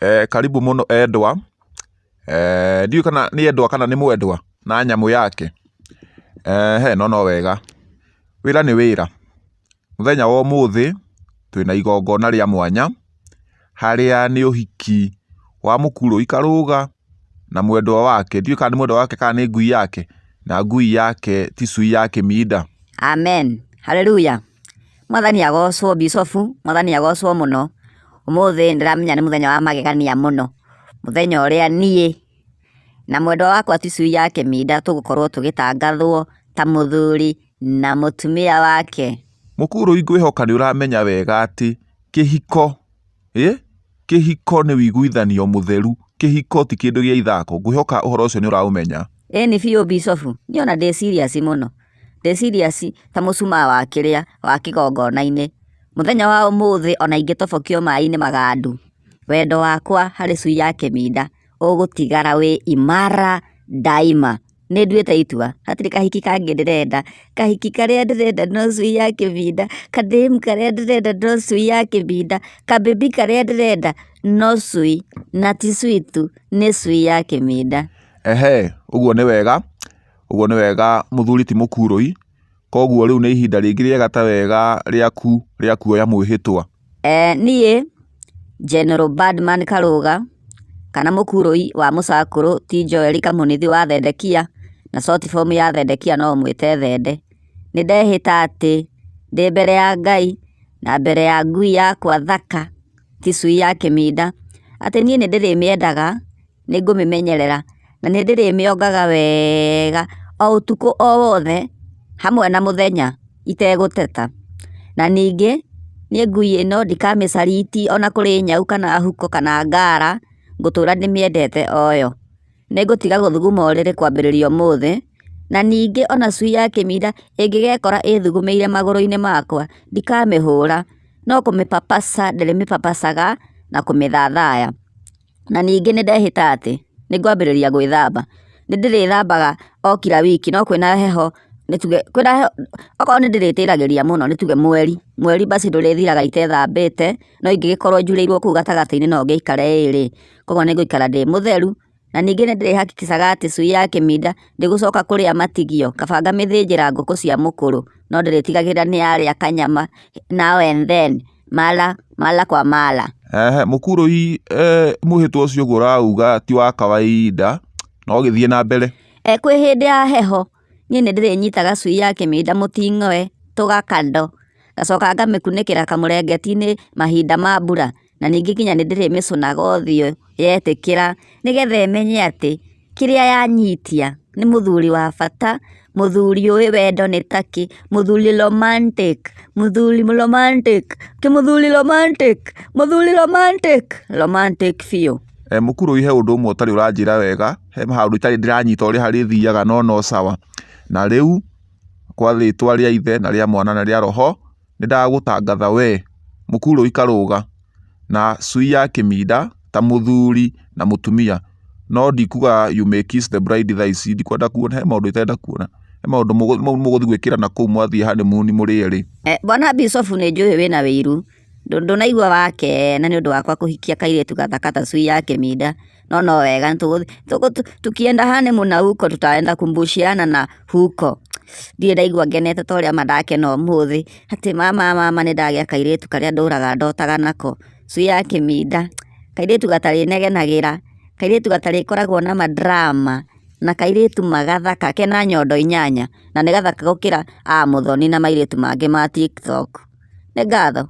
Eh, karibu muno endwa eh, ndiũ kana ni endwa kana ni mwendwa na nyamu yake eh, he no no wega wira muthenya wo muthi wa ũmũthĩ igongo na ria mwanya haria ni uhiki wa mukuru ikaruga na mwendwa wake ndiũĩ kana nĩ mwendwa wake kana ni ngui yake na ngui yake ti yake ya amen haleluya mwathani agocwo bisofu mwathani agocwo muno Ũmũthĩ ndiramenya ni muthenya wa magegania muno muthenya ũrĩa niĩ na mwendwa wakwa ti yake Kĩminda tugukorwo tugitangathwo ta muthuri na mutumia wake. Mũkũrũi ni uramenya wega ati kihiko eh kihiko ni wiguithanio mutheru kihiko ti kindu gĩa ithako, ngwĩhoka ũhoro ũcio nĩũraũmenya. Ĩni biũ Bicobu, niĩ ona ndĩ serious mũno, ndĩ serious ta mũcumaa wa kĩrĩa wa kĩgongona muthenya wa ũmũthĩ ona ingĩtobokio maĩ-inĩ magandu, wendo wakwa harĩ cui ya Kĩminda tigara wĩ imara daima. Nĩ nduĩte itua, hatirĩ kahiki kangĩ ndĩrenda, kahiki karĩa ndĩrenda no cui ya Kĩminda, kademu karĩa ndĩrenda no cui ya Kĩminda, kabibi karĩa ndĩrenda no cui, na ti cui tu, nĩ cui ya Kĩminda. Ehe, ũguo nĩ wega, ũguo nĩ wega mũthuri ti mũkurũi koguo riu ni ihinda rĩngĩ rĩega ta wega riaku rĩa kuoya eh nie General badman karuga kana mũkurũi wa musakuru ti joeli kamunithi wa Thendekia na short form ya Thendekia no ũmwĩte Thende. ni ndehĩta ati ndĩ mbere ya Ngai na mbere ya ngui yakwa thaka ti cui ya Kĩminda atĩ niĩ nĩ ndĩrĩmĩendaga, ni ngumimenyerera na nĩ ndĩrĩmĩongaga wega o ũtukũ o wothe hamwe na muthenya itegũteta, na ningä niĩ ngui ĩno ndikamĩcariti ona rä nyau kana huko kana ngara ngũtũra ndĩmĩendete o yo. Nĩngũtiga gũthuguma rä kwambĩrĩria ũmũthĩ, na ningĩ ona cui ya kĩmira ĩngĩgekora ĩthugumĩire magũrũ-inĩ makwa ndikamĩhũra, no kũmĩpapaca ndĩrĩmĩpapacaga na kũmĩthathaya. Na ningĩ nĩndehĩta atĩ nĩngwambĩrĩria gwĩthamba, rä thambaga okira wiki no na heho nĩ tuge kwĩna okorwo nĩ ndĩrĩtĩragĩria mũno nĩ tuge mweri mweri basi ndũrĩthiraga itethambĩte no ingĩgĩkorwo njurĩirwo kũu gatagatĩ-inĩ no ngĩikare ĩrĩ koguo nĩ ngũikara ndĩ mũtheru na ningĩ nĩ ndĩrĩhakikicaga atĩ cui ya kĩminda ndĩgũcoka kũrĩa matigio kaba ngamĩthĩnjĩra ngũkũ cia mũkũrũ no ndĩrĩtigagĩrĩra nĩ yarĩa kanyama now and then mala mala kwa mala ehe mara Mũkũrũi e, mũhĩtwa ũcio ũguo ũrauga ti wa kawaida no gĩthiĩ na mbere eh, kwĩ hĩndĩ ya heho niĩ nĩ ndĩrĩnyitaga cui ya kĩmĩnda mũting'oe tũgakando ngacoka ngamĩkunĩkĩra kamũrengeti-inĩ mahinda ma mbura na ningĩ nginya nĩ ndĩrĩmĩcũnaga ũthiũ yetĩkĩra nĩgetha ĩmenye atĩ kiria yanyitia nĩ mũthuri wa bata mũthuri ũĩ wendo nĩ takĩ mũthuri romantic mũthuri romantic kĩmũthuri romantic mũthuri romantic romantic biũ eh, mũkũrũ he ũndũ ũmwe ũtarĩ ũranjĩra wega he handũ itarĩ ndĩranyita ũrĩa harĩthiaga no no sawa na rĩu kwa rĩĩtwa rĩa Ithe na rĩa Mwana na rĩa Roho nĩndagũtangatha we mũkurũ ikarũga, na cui ya kĩminda, ta mũthuri na mũtumia. No ndikuuga you may kiss the bride thaa ici, ndikwenda kuona, he maũndũ itenda kuona. He maũndũ mau mũgũthiĩ gwĩkĩra nakũu mwathiĩ honeymoon mũrĩ eerĩ. Eh, Bwana Bishop nĩnjũĩ wĩna wĩiru ndũnaigua wake na ni ũndũ wakwa kuhikia kairĩtu gathaka ta cui yake mida no no wega tukienda hane muna huko tutaenda kumbushiana na huko ndirĩ ndaigua ngenete ta ũrĩa ma ndakena ũmũthĩ atĩ mama mama nĩ ndagĩa kairĩtu karĩa ndũraga ndotaga nako cui ya kĩminda kairĩtu gatarĩnegenagĩra kairĩtu gatarĩkoragwo na ma drama na kairĩtu ma gathaka kena nyondo inyanya na nĩ gathaka gũkĩra a mũthoni na tu mangĩ ma tiktok nĩ ngatho